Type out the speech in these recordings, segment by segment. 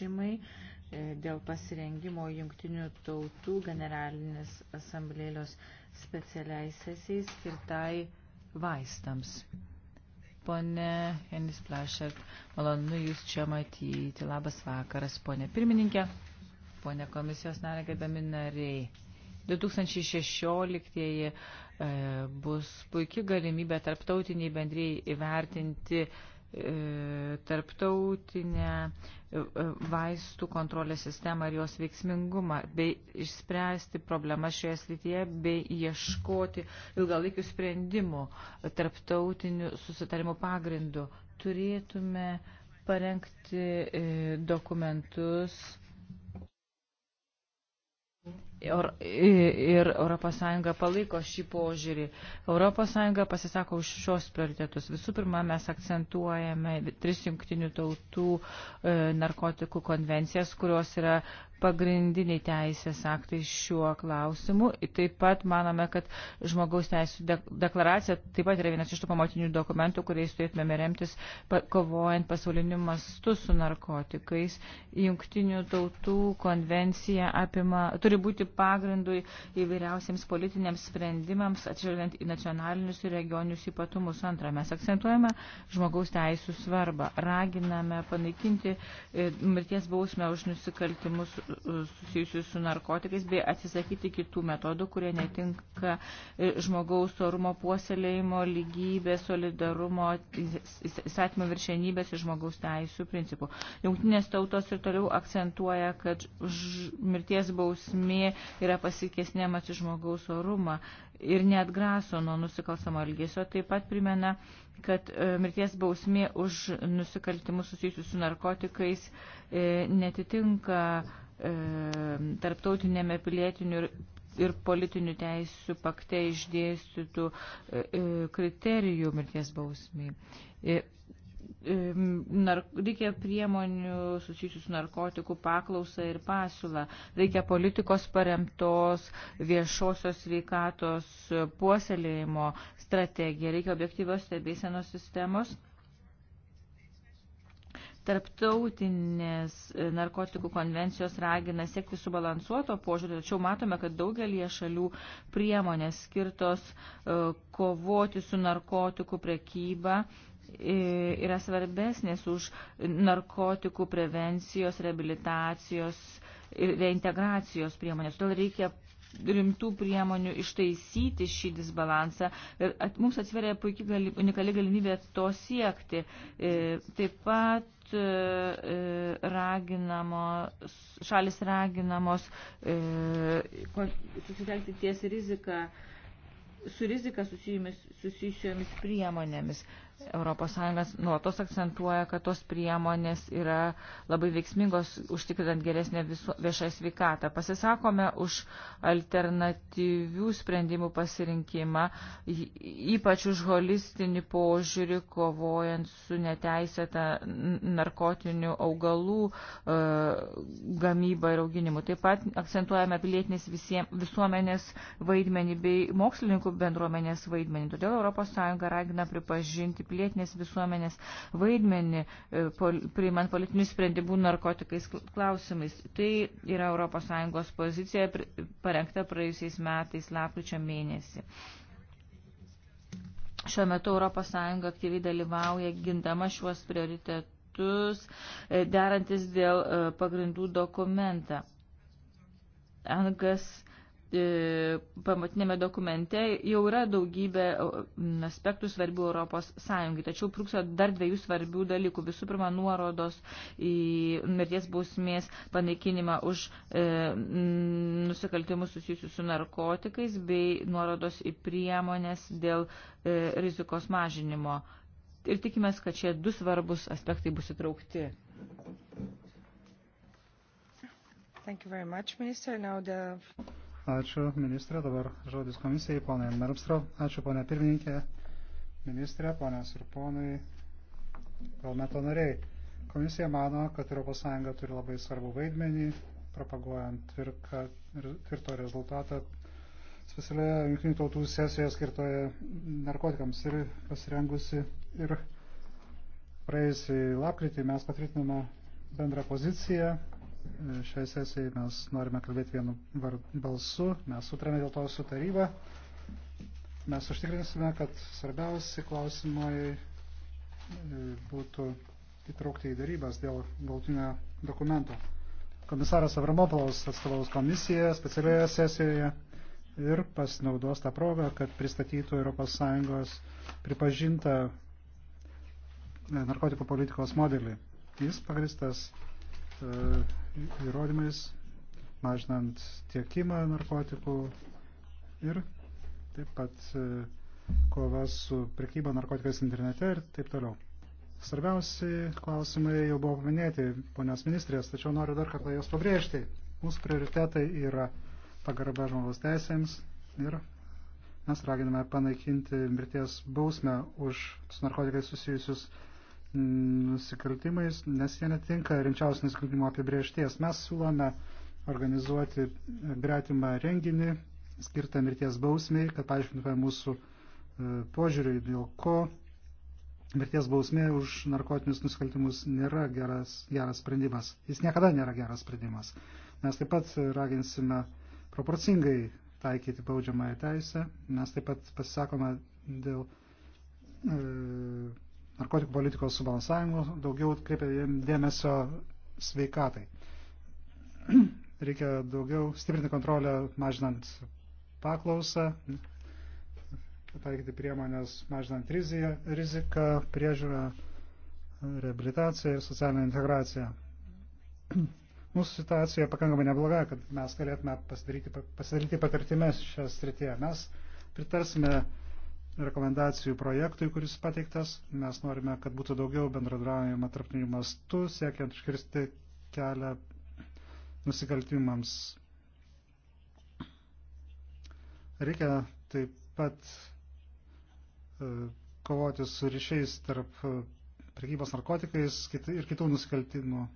pranešimai e, dėl pasirengimo jungtinių tautų generalinės asamblėjos specialiai sesijai skirtai vaistams. Pone Janis Plašek, malonu Jūs čia matyti. Labas vakaras, ponė pirmininkė, ponė komisijos narė, gerbiami nariai. 2016 e, bus puikia galimybė tarptautiniai bendrėjai įvertinti E, tarptautinę e, e, vaistų kontrolės sistemą ir jos veiksmingumą, bei išspręsti problemas šioje srityje, bei ieškoti ilgalaikių sprendimų tarptautinių susitarimų pagrindų. Turėtume parengti dokumentus Ir, ir ES palaiko šį požiūrį. ES pasisako už šios prioritetus. Visų pirma, mes akcentuojame tris jungtinių tautų e, narkotikų konvencijas, kurios yra pagrindiniai teisės aktai šiuo klausimu. Taip pat manome, kad žmogaus teisų deklaracija taip pat yra vienas iš tų pamatinių dokumentų, kuriais turėtume remtis kovojant pasauliniu mastu su narkotikais. Jungtinių tautų konvencija apima, turi būti pagrindui įvairiausiams politiniams sprendimams, atžvelgiant į nacionalinius ir regioninius ypatumus. Antra, mes akcentuojame žmogaus teisų svarbą, raginame panaikinti e, mirties bausmę už nusikaltimus susijusių su narkotikais, bei atsisakyti kitų metodų, kurie netinka e, žmogaus orumo puoselėjimo, lygybės, solidarumo, įstatymo viršenybės ir žmogaus teisų principų. Jungtinės tautos ir toliau akcentuoja, kad mirties bausmė yra pasikesnėmas į žmogaus orumą ir neatgraso nuo nusikalstamo elgesio, taip pat primena, kad e, mirties bausmė už nusikaltimus susijusius su narkotikais e, netitinka e, tarptautinėme pilietinių ir politinių teisų pakte išdėstytų kriterijų mirties bausmiai reikia priemonių susijusių su narkotikų paklausa ir pasiūla, reikia politikos paremtos viešosios sveikatos puoselėjimo strategija, reikia objektyvios stebėsenos sistemos. Tarptautinės narkotikų konvencijos ragina siekti subalansuoto požiūrį, tačiau matome, kad daugelie šalių priemonės skirtos e, kovoti su narkotikų prekyba uh, yra svarbesnės už narkotikų prevencijos, rehabilitacijos ir reintegracijos priemonės. Todėl reikia rimtų priemonių ištaisyti šį disbalansą ir at, mums atsveria puikiai gali, unikali galimybė to siekti. E, taip pat e, e raginamos, šalis raginamos e, susitelkti ties riziką, su rizika susijusiomis priemonėmis. E, ES nuolatos akcentuoja, kad tos priemonės yra labai veiksmingos užtikrinant geresnę viešą sveikatą. Pasisakome už alternatyvių sprendimų pasirinkimą, ypač už holistinį požiūrį, kovojant su neteisėta narkotinių augalų e, gamyba ir auginimu. Taip pat akcentuojame pilietinės visie, visuomenės vaidmenį bei mokslininkų bendruomenės vaidmenį. Todėl ES ragina pripažinti pilietinės visuomenės vaidmenį, e, pol, priimant politinių sprendimų narkotikais klausimais. Tai yra ES pozicija parengta praėjusiais metais lapkričio mėnesį. Šiuo metu ES aktyviai dalyvauja gindama šiuos prioritetus, e, derantis dėl e, pagrindų dokumentą. Angas E, pamatinėme dokumente jau yra daugybė e, aspektų svarbių Europos Sąjungai, tačiau trūksta dar dviejų svarbių dalykų. Visų pirma, nuorodos į mirties bausmės panaikinimą už e, nusikaltimus susijusius su narkotikais bei nuorodos į priemonės dėl e, rizikos mažinimo. Ir tikimės, kad šie du svarbus aspektai bus įtraukti. Thank you very much, Minister. Now the... Ačiū, ministrė. Dabar žodis komisijai, ponai Mermstro. Ačiū, ponė pirmininkė, ministrė, ponės ir ponai, kalmeto nariai. Komisija mano, kad ES turi labai svarbų vaidmenį, propaguojant tvirką, tvirto rezultatą specialioje jungtinių tautų sesijoje skirtoje narkotikams ir pasirengusi ir praėjusį lapkritį mes patvirtinome bendrą poziciją šiai sesijai mes norime kalbėti vienu balsu, mes sutrėme dėl to su taryba. Mes užtikrinsime, kad svarbiausi klausimai e, būtų įtraukti į darybas dėl galtinio dokumento. Komisaras Avramopolos atstovaus komisiją specialioje sesijoje ir pasinaudos tą progą, kad pristatytų ES pripažintą e, narkotikų politikos modelį. Jis pagristas E, įrodymais, mažinant tiekimą narkotikų ir taip pat e, kova su prekyba narkotikais internete ir taip toliau. Svarbiausi klausimai jau buvo paminėti ponios ministrės, tačiau noriu dar kartą jos pabrėžti. Mūsų prioritetai yra pagarba žmogaus teisėms ir mes raginame panaikinti mirties bausmę už su narkotikais susijusius nusikaltimais, nes jie netinka rimčiausios nusikaltimo apibriešties. Mes siūlome organizuoti gretimą renginį skirtą mirties bausmiai, kad paaiškintume mūsų e, požiūriui, dėl ko mirties bausmė už narkotinius nusikaltimus nėra geras, geras sprendimas. Jis niekada nėra geras sprendimas. Mes taip pat raginsime proporcingai taikyti baudžiamąją teisę. Mes taip pat pasisakome dėl e, narkotikų politikos subalansavimu, daugiau kreipia dėmesio sveikatai. Reikia daugiau stiprinti kontrolę, mažinant paklausą, taikyti priemonės, mažinant riziką, priežiūrą, rehabilitaciją ir socialinę integraciją. Mūsų situacija pakankamai nebloga, kad mes galėtume pasidaryti, pasidaryti patirtimes šią srityje. Mes pritarsime rekomendacijų projektui, kuris pateiktas. Mes norime, kad būtų daugiau bendradarbiaujama tarptautiniu mastu, siekiant iškirsti kelią nusikaltimams. Reikia taip pat e, kovoti su ryšiais tarp e, prekybos narkotikais ir kitų nusikaltimų.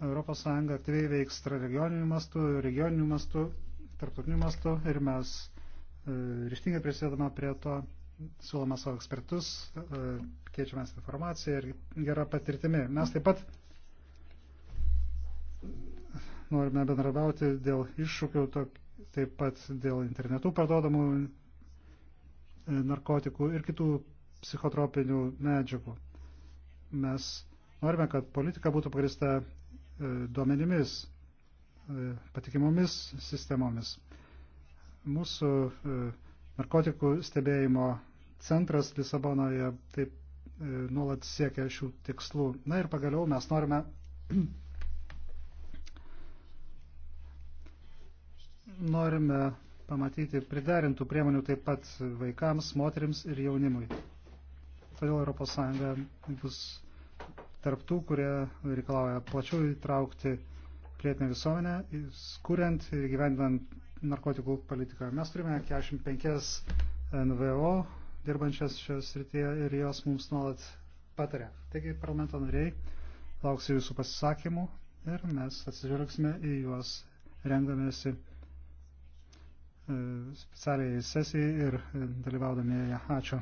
ES aktyviai veiks regioniniu mastu, regioniniu mastu, tarptautiniu mastu ir mes E, ryštingai prisidedama prie to, siūloma savo ekspertus, e, keičiamės informaciją ir gera patirtimi. Mes taip pat norime bendradauti dėl iššūkių, taip pat dėl internetų parduodamų e, narkotikų ir kitų psichotropinių medžiagų. Mes norime, kad politika būtų pagrista duomenimis, patikimomis sistemomis. Mūsų e, narkotikų stebėjimo centras Lisabonoje taip e, nuolat siekia šių tikslų. Na ir pagaliau mes norime norime pamatyti priderintų priemonių taip pat vaikams, moterims ir jaunimui. Todėl ES bus tarptų, kurie reikalauja plačiau įtraukti plėtinę visuomenę, skuriant ir gyvendant narkotikų politikoje. Mes turime 45 e, NVO dirbančias šios srityje ir jos mums nuolat patarė. Taigi, parlamento nariai, lauksiu jūsų pasisakymų ir mes atsižvelgsime į juos rengdamėsi e, specialiai sesijai ir e, dalyvaudami ją. Ačiū.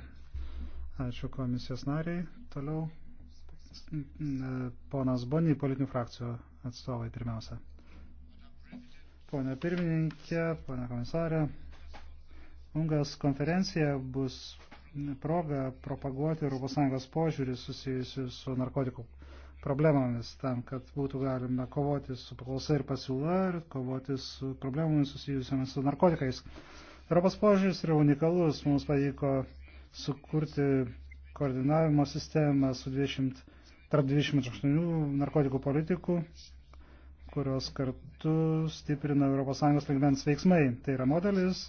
Ačiū komisijos nariai. Toliau ponas Boni, politinių frakcijų atstovai pirmiausia. Pone pirmininkė, pone komisarė, Ungas konferencija bus proga propaguoti ES požiūrį susijusiu su narkotikų problemomis, tam, kad būtų galima kovoti su paklausa ir pasiūla ir kovoti su problemomis susijusiamis su narkotikais. Europos požiūris yra unikalus, mums pavyko sukurti koordinavimo sistemą su 20, tarp 28 narkotikų politikų kurios kartu stiprina ES lygmens veiksmai. Tai yra modelis,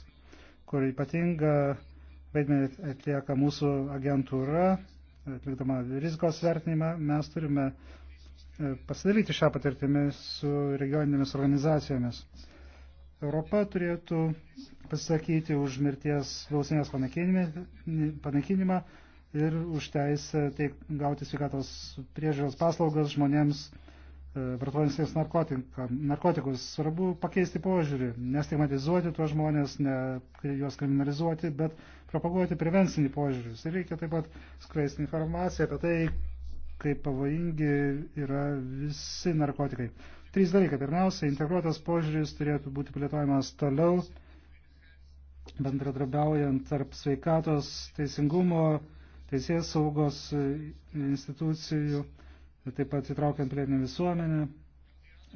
kur ypatinga vaidmenį atlieka mūsų agentūra, atlikdama rizikos vertinimą, mes turime e, pasidalyti šią patirtimį su regioninėmis organizacijomis. Europa turėtų pasisakyti už mirties gausinės panaikinimą ir už teisę teik, gauti sveikatos priežiūros paslaugas žmonėms vartojantis e, narkotikus. Svarbu pakeisti požiūrį, nestigmatizuoti tuos žmonės, ne juos kriminalizuoti, bet propaguoti prevencinį požiūrį. Ir reikia taip pat skleisti informaciją apie tai, kaip pavojingi yra visi narkotikai. Trys dalykai. Pirmiausia, integruotas požiūris turėtų būti plėtojamas toliau, bendradarbiaujant tarp sveikatos, teisingumo, teisės saugos e, institucijų taip pat įtraukiant plėtinę visuomenę,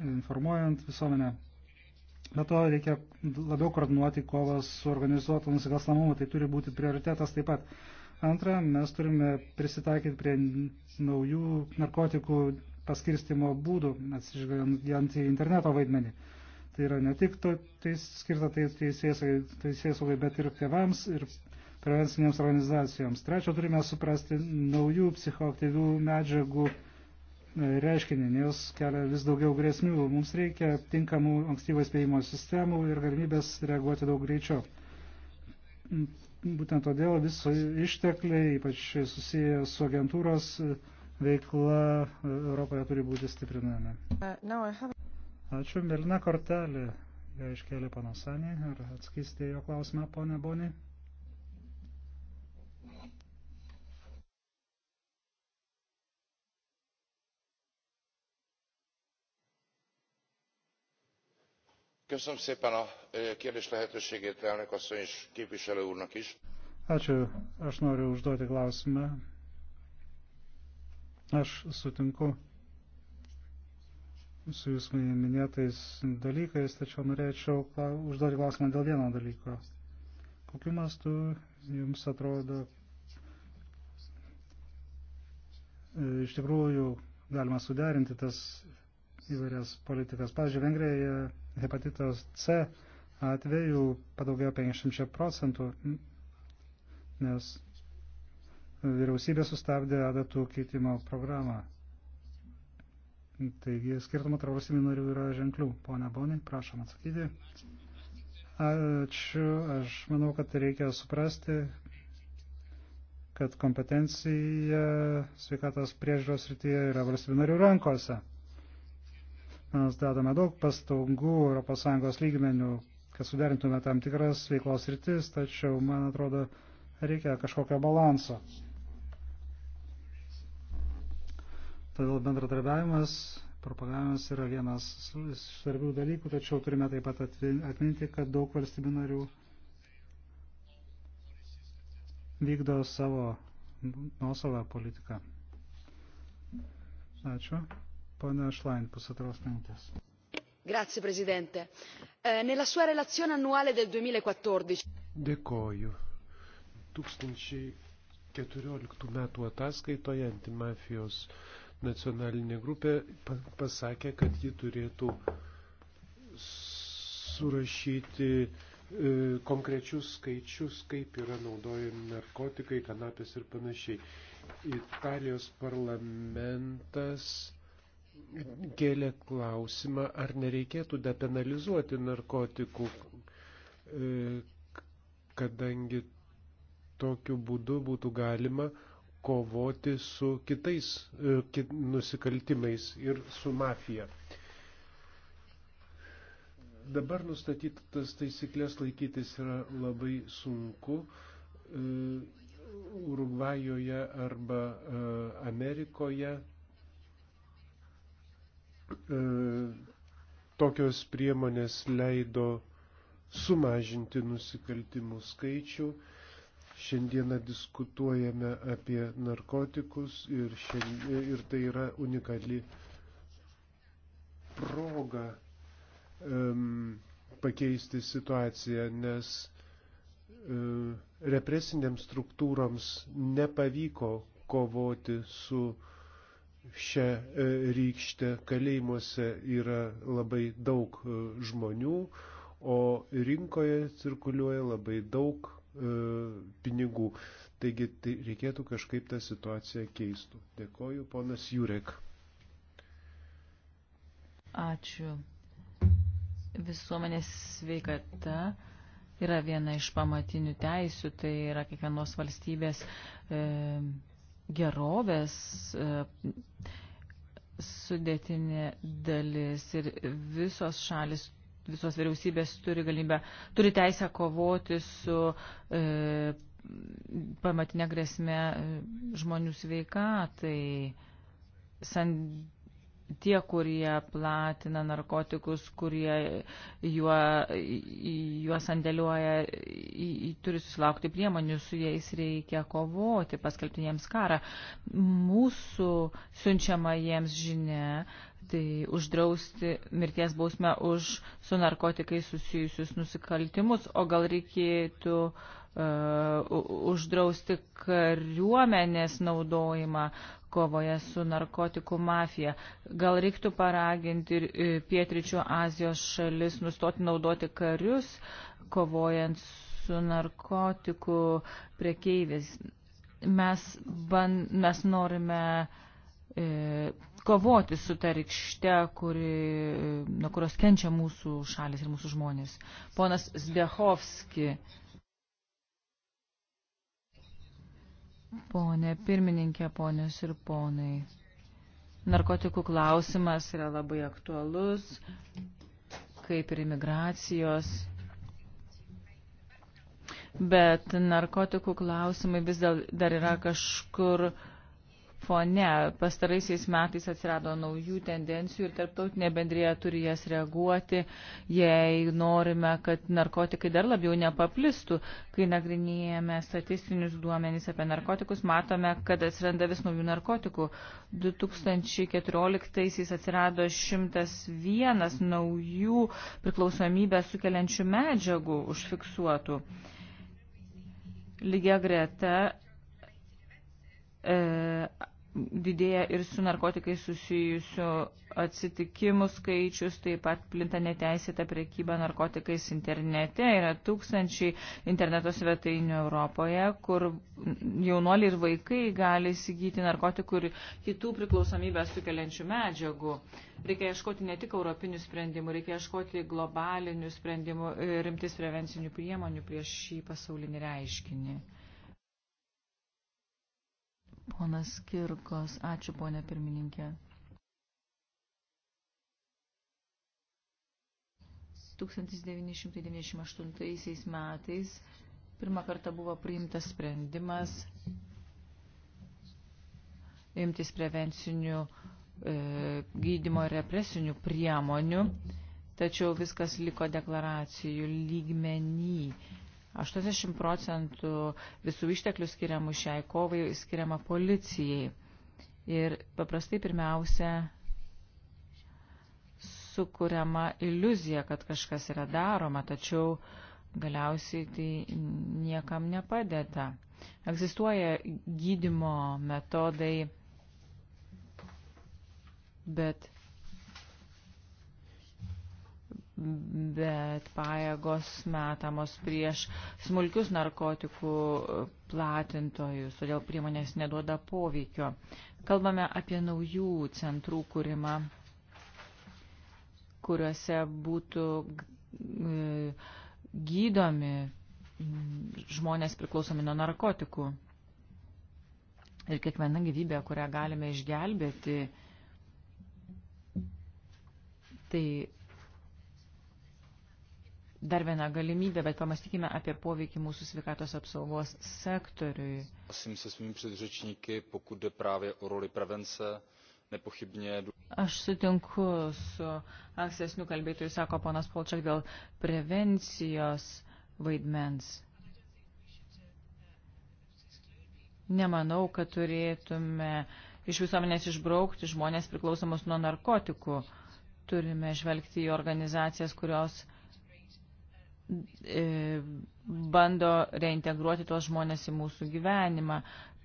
informuojant visuomenę. Bet to reikia labiau koordinuoti kovą su organizuotu nusikalstamumu, tai turi būti prioritetas taip pat. Antra, mes turime prisitaikyti prie naujų narkotikų paskirstimo būdų, atsižvelgiant į interneto vaidmenį. Tai yra ne tik to, tai skirta tai teisės saugai, bet ir tėvams ir prevencinėms organizacijoms. Trečia, turime suprasti naujų psichoaktyvių medžiagų reiškinį, nes kelia vis daugiau grėsmių. Mums reikia tinkamų ankstyvo įspėjimo sistemų ir galimybės reaguoti daug greičiau. Būtent todėl visi ištekliai, ypač susiję su agentūros veikla, Europoje turi būti stiprinami. Ačiū, Melina kortelė. Ją iškėlė panasanį. Ar atskysite jo klausimą, ponė Boni? Köszönöm szépen a kérdés lehetőségét, elnök asszony és képviselő úrnak is. Ačiū, aš noriu užduoti klausimą. Aš sutinku su jūsų minėtais dalykais, tačiau norėčiau užduoti klausimą dėl vieno dalyko. Kokiu mastu jums atrodo, e, iš tikrųjų galima suderinti tas įvairias politikas? Pavyzdžiui, Vengrijoje hepatitos C atveju padaugėjo 500 procentų, nes vyriausybė sustabdė adatų keitimo programą. Taigi skirtumų tarp valstybių narių yra ženklių. Pone Boni, prašom atsakyti. Ačiū. Aš manau, kad reikia suprasti, kad kompetencija sveikatos priežiūros rytyje yra valstybių narių rankose. Mes dedame daug pastangų ES lygmenių, kad suderintume tam tikras veiklos rytis, tačiau, man atrodo, reikia kažkokio balanso. Todėl bendradarbiavimas, propagavimas yra vienas svarbių dalykų, tačiau turime taip pat atminti, kad daug valstybių narių vykdo savo nuosavą politiką. Ačiū. Pana Šlain, pusantros minutės. Grazie, prezidente. Eh, nella sua relazione annuale del 2014. Dėkoju. 2014 metų ataskaitoje antimafijos nacionalinė grupė pasakė, kad ji turėtų surašyti e, konkrečius skaičius, kaip yra naudojami narkotikai, kanapės ir panašiai. Italijos parlamentas kėlė klausimą, ar nereikėtų depenalizuoti narkotikų, e, kadangi tokiu būdu būtų galima kovoti su kitais e, kit, nusikaltimais ir su mafija. Dabar nustatytas taisyklės laikytis yra labai sunku. E, Urugvajoje arba Amerikoje E, tokios priemonės leido sumažinti nusikaltimų skaičių. Šiandieną diskutuojame apie narkotikus ir, šiandien, ir tai yra unikali proga um, pakeisti situaciją, nes um, e, represinėms struktūroms nepavyko kovoti su uh, šią e, rykštę. Kalėjimuose yra labai daug e, žmonių, o rinkoje cirkuliuoja labai daug e, pinigų. Taigi tai reikėtų kažkaip tą situaciją keistų. Dėkoju, ponas Jurek. Ačiū. Visuomenės sveikata yra viena iš pamatinių teisių, tai yra kiekvienos valstybės e, gerovės e, sudėtinė dalis ir visos šalis, visos vyriausybės turi galimybę, turi teisę kovoti su e, pamatinė grėsmė e, žmonių sveikatai. San tie, kurie platina narkotikus, kurie juo, juos sandėliuoja, turi susilaukti priemonių, su jais reikia kovoti, paskelbti jiems karą. Mūsų siunčiama jiems žinia, tai uždrausti mirties bausmę už su narkotikai susijusius nusikaltimus, o gal reikėtų uh, uždrausti kariuomenės naudojimą, kovoje su narkotikų mafija. Gal reiktų paraginti e, pietričių Azijos šalis nustoti naudoti karius, kovojant su narkotikų priekeivis. Mes, ban, mes norime e, kovoti su ta rykšte, kuri, e, nuo kurios kenčia mūsų šalis ir mūsų žmonės. Ponas Zdechovski. Pone pirmininkė, ponios ir ponai. Narkotikų klausimas yra labai aktualus, kaip ir imigracijos. Bet narkotikų klausimai vis dar yra kažkur uh, fone. Pastaraisiais metais atsirado naujų tendencijų ir tarptautinė bendrėja turi jas reaguoti, jei norime, kad narkotikai dar labiau nepaplistų. Kai nagrinėjame statistinius duomenys apie narkotikus, matome, kad atsiranda vis naujų narkotikų. 2014-aisiais atsirado 101 naujų priklausomybę sukeliančių medžiagų užfiksuotų. Lygia greta e, didėja ir su narkotikai susijusių atsitikimų skaičius, taip pat plinta neteisėta prekyba narkotikais internete. Yra tūkstančiai interneto svetainių Europoje, kur jaunoliai ir vaikai gali įsigyti narkotikų ir kitų priklausomybę sukeliančių medžiagų. Reikia ieškoti ne tik europinių sprendimų, reikia ieškoti globalinių sprendimų ir e, rimtis prevencinių priemonių prieš šį pasaulinį reiškinį. Ponas Kirkos, ačiū ponė pirmininkė. 1998 metais pirmą kartą buvo priimtas sprendimas imtis prevencinių e, gydymo represinių priemonių, tačiau viskas liko deklaracijų lygmenį 80 procentų visų išteklių skiriamų šiai kovai skiriama policijai. Ir paprastai pirmiausia sukuriama iliuzija, kad kažkas yra daroma, tačiau galiausiai tai niekam nepadeda. Egzistuoja gydimo metodai, bet bet pajėgos metamos prieš smulkius narkotikų platintojus, todėl priemonės neduoda poveikio. Kalbame apie naujų centrų kūrimą, kuriuose būtų e, gydomi mm, žmonės priklausomi nuo narkotikų. Ir kiekviena gyvybė, kurią galime išgelbėti, tai dar viena galimybė, bet pamastykime apie poveikį mūsų sveikatos apsaugos sektoriui. Aš sutinku su ankstesniu kalbėtoju, sako ponas Polčak, dėl prevencijos vaidmens. Nemanau, kad turėtume iš visuomenės išbraukti žmonės priklausomus nuo narkotikų. Turime žvelgti į organizacijas, kurios uh, E, bando reintegruoti tuos žmonės į mūsų gyvenimą,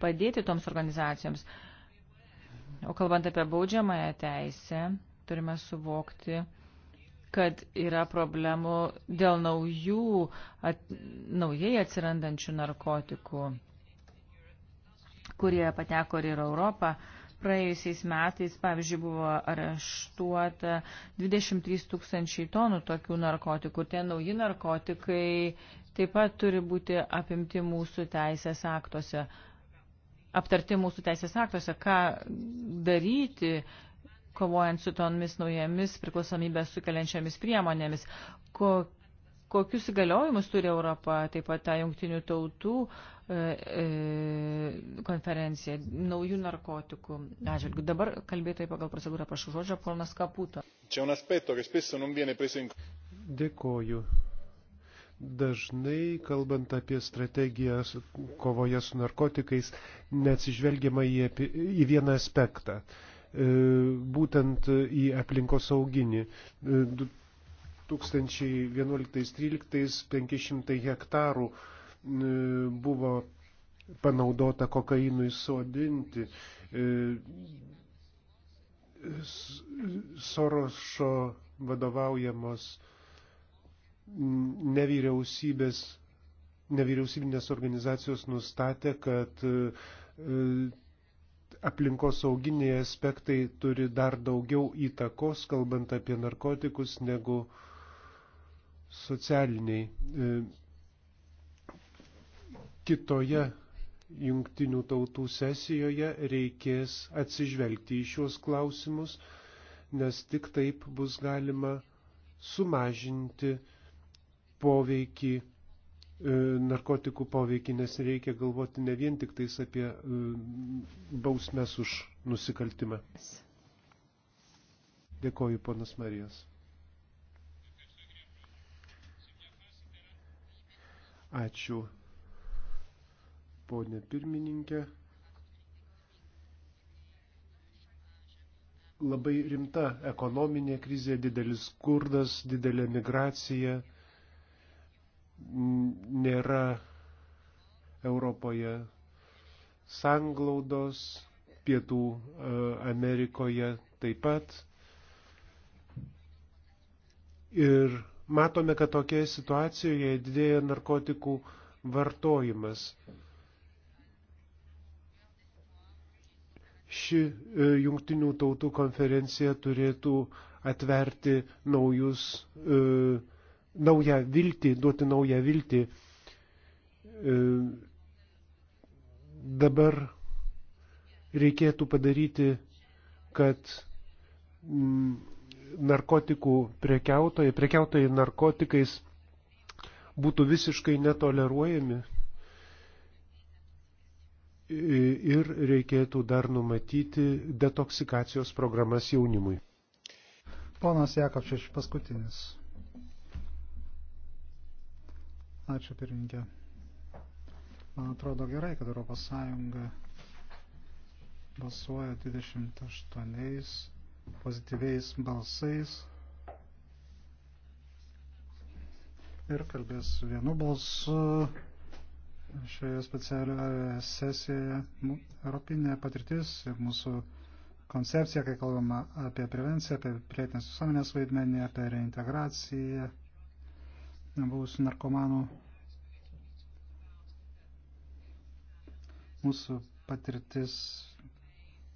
padėti toms organizacijoms. O kalbant apie baudžiamąją teisę, turime suvokti, kad yra problemų dėl naujų, at, naujai atsirandančių narkotikų, kurie pateko ir į Europą. E, Praėjusiais metais, pavyzdžiui, buvo areštuota 23 tūkstančiai tonų tokių narkotikų. Tie nauji narkotikai taip pat turi būti apimti mūsų teisės aktuose, aptarti mūsų teisės aktuose, ką daryti, kovojant su tomis naujomis priklausomybės sukeliančiomis priemonėmis, kokie kokius įgaliojimus turi Europa, taip pat ta jungtinių tautų e, e, konferencija naujų narkotikų atžvilgių. Dabar kalbėtojai pagal procedūrą prašau žodžio, ponas Kaputo. Čia un aspekto, kad spesso non viene preso in... Dėkoju. Dažnai, kalbant apie strategiją kovoje su narkotikais, neatsižvelgiama į, apie, į vieną aspektą e, būtent į aplinkos sauginį. E, 2011-2013 500 hektarų buvo panaudota kokainui sodinti. E, Sorošo vadovaujamos nevyriausybės, nevyriausybinės organizacijos nustatė, kad e, aplinkosauginiai aspektai turi dar daugiau įtakos, kalbant apie narkotikus, negu uh, socialiniai. E, kitoje jungtinių tautų sesijoje reikės atsižvelgti į šios klausimus, nes tik taip bus galima sumažinti poveikį, e, narkotikų poveikį, nes reikia galvoti ne vien tik tais apie e, bausmes už nusikaltimą. Dėkoju, ponas Marijas. Ačiū, ponė pirmininkė. Labai rimta ekonominė krizė, didelis skurdas, didelė migracija. Nėra Europoje sanglaudos, pietų e, Amerikoje taip pat. Ir Matome, kad tokioje situacijoje didėja narkotikų vartojimas. Ši e, jungtinių tautų konferencija turėtų atverti naujus, e, naują viltį, duoti naują viltį. E, dabar reikėtų padaryti, kad mm, narkotikų prekiautojai, prekiautojai narkotikais būtų visiškai netoleruojami. Ir reikėtų dar numatyti detoksikacijos programas jaunimui. Ponas Jakovčiš, paskutinis. Ačiū pirmininkė. Man atrodo gerai, kad ES balsuoja 28 pozityviais balsais ir kalbės vienu balsu šioje specialioje sesijoje. Europinė patirtis ir mūsų koncepcija, kai kalbama apie prevenciją, apie prietinės visuomenės vaidmenį, apie reintegraciją buvusių narkomanų. Mūsų patirtis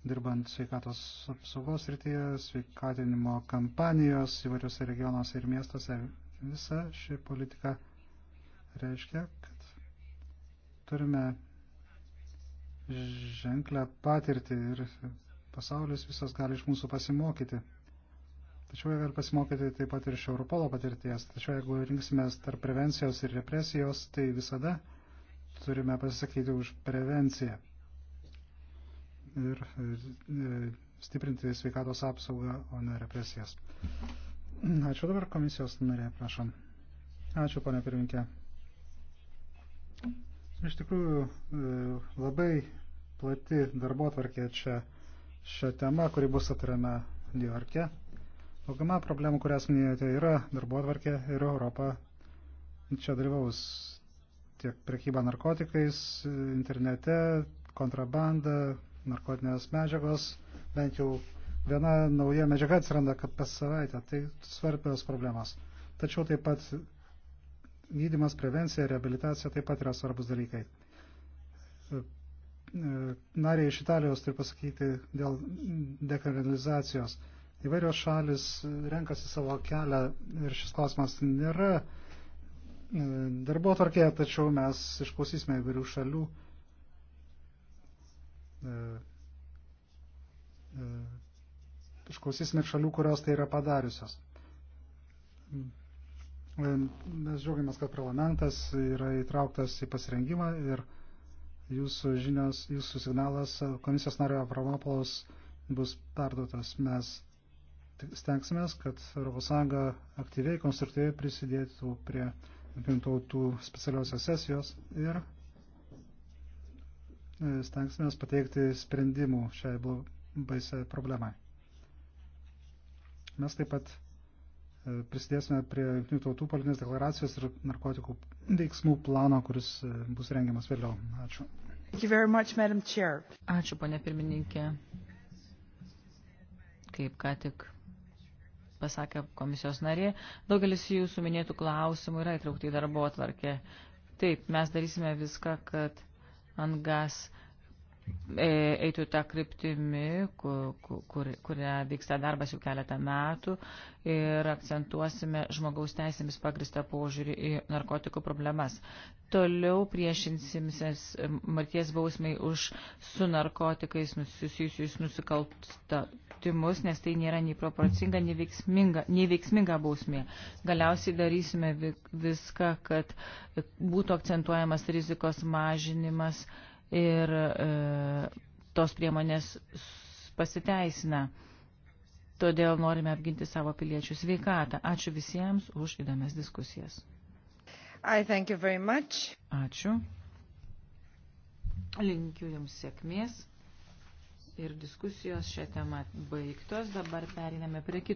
dirbant sveikatos apsaugos rytyje, sveikatinimo kampanijos įvairiuose regionuose ir miestuose. Visa ši politika reiškia, kad turime ženklę patirtį ir pasaulis visas gali iš mūsų pasimokyti. Tačiau jie gali pasimokyti taip pat ir iš Europolo patirties. Tačiau jeigu rinksime tarp prevencijos ir represijos, tai visada turime pasisakyti už prevenciją ir e, stiprinti sveikatos apsaugą, o ne represijas. Ačiū dabar komisijos narė, prašom. Ačiū, ponė pirminkė. Iš tikrųjų, e, labai plati darbo tvarkė čia šią temą, kuri bus atariama New York'e. Daugama problemų, kurias minėjote, yra darbo tvarkė ir Europa. Čia dalyvaus tiek prekyba narkotikais, internete, kontrabanda, narkotinės medžiagos, bent jau viena nauja medžiaga atsiranda kas savaitę, tai svarbios problemos. Tačiau taip pat gydimas, prevencija, rehabilitacija taip pat yra svarbus dalykai. E, e, nariai iš Italijos turi pasakyti dėl dekriminalizacijos. Įvairios šalis renkasi savo kelią ir šis klausimas nėra e, darbo tarkėje, tačiau mes išklausysime įvairių šalių E, e, išklausysime šalių, kurios tai yra padariusios. E, mes žiūrėjomės, kad parlamentas yra įtrauktas į pasirengimą ir jūsų žinios, jūsų signalas komisijos nario Avramopolos bus perduotas. Mes stengsime, kad ES aktyviai, konstruktyviai prisidėtų prie tautų specialiosios sesijos ir E, stengsime pateikti sprendimų šiai baisiai problemai. Mes taip pat e, prisidėsime prie jungtinių tautų politinės deklaracijos ir narkotikų veiksmų plano, kuris e, bus rengiamas vėliau. Ačiū. Much, Ačiū, ponė pirmininkė. Kaip ką tik pasakė komisijos narė, daugelis jūsų minėtų klausimų yra įtraukti į darbo atvarkę. Taip, mes darysime viską, kad ant gas E, eitų tą kryptimį, kur, kur, kurią vyksta darbas jau keletą metų ir akcentuosime žmogaus teisėmis pagristą požiūrį į narkotikų problemas. Toliau priešinsimės e, marties bausmai už su narkotikais susijusius nusikaltimus, nes tai nėra nei proporcinga, nei veiksminga, nei veiksminga bausmė. Galiausiai darysime viską, kad būtų akcentuojamas rizikos mažinimas ir e, tos priemonės pasiteisina. Todėl norime apginti savo piliečių sveikatą. Ačiū visiems už įdomias diskusijas. Ačiū. Linkiu Jums sėkmės ir diskusijos šią temą baigtos. Dabar periname prie kitų.